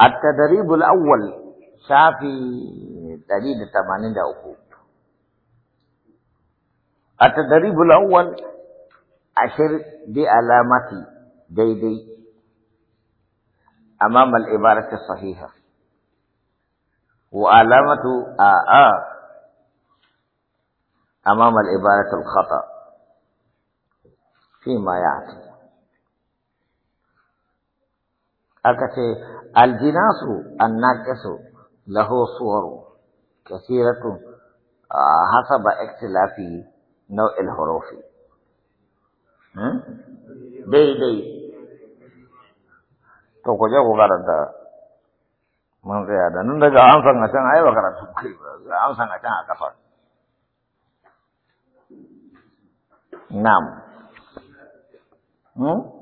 التدريب الأول شافي دليل ثمانين أخوه التدريب الأول أشر دي ديدي أمام العبارة الصحيحة وعلامة آآ أمام العبارة الخطأ فيما يعني أكثر الجناس الناقص له صور كثيرة آه، حسب اختلاف نوع الحروف دي دي تو كجا وغرد من زيادة نندجا أنسان نشان أي وغرد أنسان نشان أكفر نعم هم؟